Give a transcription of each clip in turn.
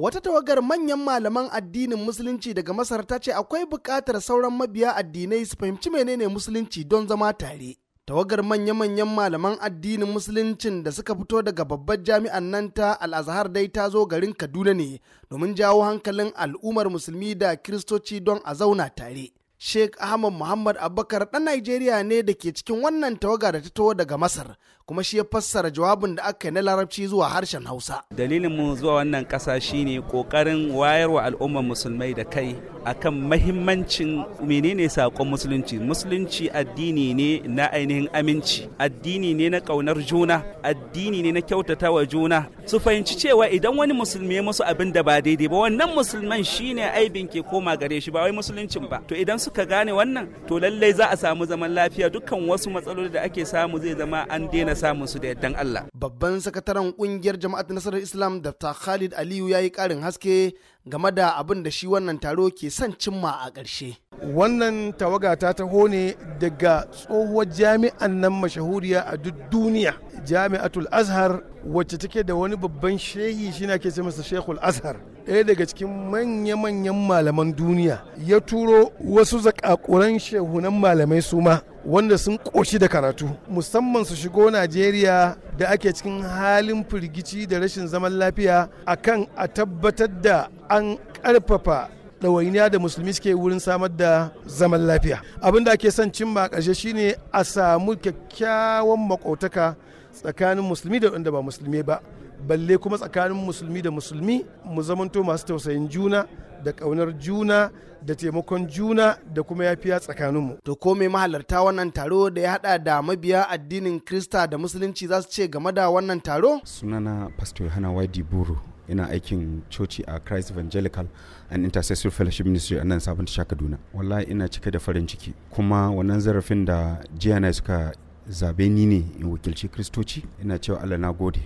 wata tawagar manyan malaman addinin musulunci daga masar ta ce akwai buƙatar sauran mabiya addinai su fahimci menene musulunci don zama tare tawagar manya-manyan malaman addinin musuluncin da suka fito daga babbar jami'an nan ta al'azhar dai ta zo garin kaduna ne domin jawo hankalin al'ummar musulmi da kiristoci don a zauna tare Sheikh Ahmad Muhammad Abubakar ɗan Najeriya ne da ke cikin wannan tawaga da ta taho daga Masar kuma shi ya fassara jawabin da aka yi na larabci zuwa harshen Hausa. Dalilin mu zuwa wannan ƙasa shine ƙoƙarin wayarwa al'ummar musulmai da kai akan mahimmancin menene sakon musulunci musulunci addini ne na ainihin aminci addini ne na kaunar juna addini ne na kyautata wa juna su fahimci cewa idan wani musulmi ya musu abin da ba daidai ba wannan musulman shine aibin ke koma gare shi ba wai musuluncin ba to idan suka gane wannan to lallai za a samu zaman lafiya dukkan wasu matsaloli da ake samu zai zama an daina samun su da yaddan Allah babban sakataren kungiyar jama'at nasarar islam dr khalid aliyu yayi karin haske game da abin da shi wannan taro ke son cimma a ƙarshe. Wannan tawaga ta taho ne daga tsohuwar jami'an nan mashahuriya a duk duniya. Jami'atul Azhar wacce take da wani babban shehi shi na ke masa shekul Azhar. Ɗaya daga cikin manya-manyan malaman duniya ya turo wasu zakakuran shehunan malamai suma. wanda sun koshi da karatu musamman su shigo najeriya da ake cikin halin firgici da rashin zaman lafiya a kan a tabbatar da an karfafa ɗawainiya da musulmi suke wurin samar da zaman lafiya abin da ake son cimma a ƙarshe shine a samu kyakkyawan makotaka tsakanin musulmi da wanda ba musulmi ba balle kuma tsakanin musulmi da musulmi mu zamanto masu tausayin juna da ƙaunar juna da taimakon juna da kuma yafiya tsakaninmu. To ko mai mahalarta wannan taro da ya haɗa da mabiya addinin Krista da Musulunci za su ce game da wannan taro? Sunana Pastor Yohana Wadi Buru ina aikin coci a Christ Evangelical and Intercessory Fellowship Ministry a nan sabon tasha Kaduna. Wallahi ina cike da farin ciki kuma wannan zarafin da jiya na suka zabe ni ne in wakilci kristoci ina cewa Allah na gode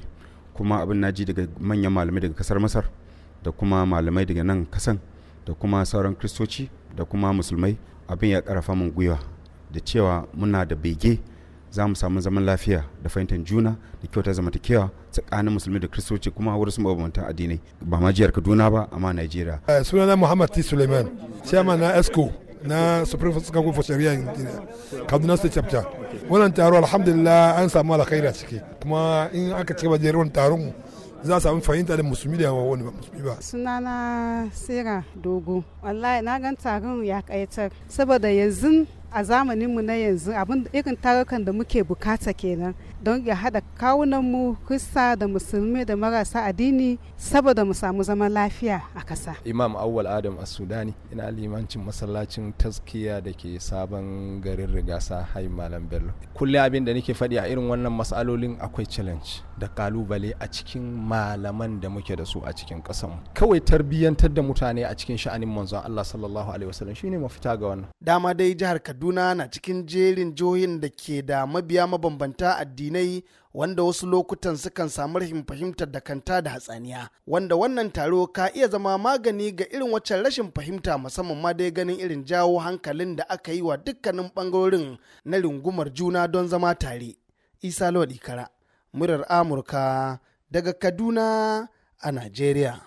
kuma abin na ji daga manyan malamai daga kasar Masar da kuma malamai daga nan kasan da kuma sauran kristoci da kuma musulmai abin ya karafa min gwiwa da cewa muna da bege za mu samu zaman lafiya da fahimtar juna da kyauta zamantakewa tsakanin musulmi da kristoci kuma wurin sun mabambantan addinai ba ma jihar kaduna ba amma nigeria eh, sunana muhammad t suleiman chairman na esco na supreme fiscal court for sharia kaduna state chapter wannan taro alhamdulillah an samu alkhairi a ciki kuma in aka cigaba da yawan taron za a samu fahimta da musulmi da yawa wani musulmi ba sunana sira dogo wallahi na gan taron ya kaitar saboda yanzu a zamaninmu na yanzu abin irin tarukan da muke bukata kenan don ya kawunan mu kusa da musulmi da marasa addini saboda mu samu zaman lafiya a kasa. imam awwal adam a sudani ina limancin masallacin taskiya da ke sabon garin rigasa hai malam bello kulle abin da nake faɗi a irin wannan matsalolin akwai challenge da kalubale a cikin malaman da muke da su a cikin ƙasanmu kawai tarbiyyantar da mutane a cikin sha'anin manzon allah sallallahu alaihi wasallam shine mafita ga wannan dama dai jihar kaduna na cikin jerin jihohin da ke da mabiya mabambanta addini addinai wanda wasu lokutan sukan samu rashin fahimtar da kanta da hatsaniya wanda wannan taro ka iya zama magani ga irin waccan rashin fahimta musamman ma dai ganin irin jawo hankalin da aka yi wa dukkanin bangarorin na rungumar juna don zama tare isa lodi kara murar amurka daga kaduna a nigeria.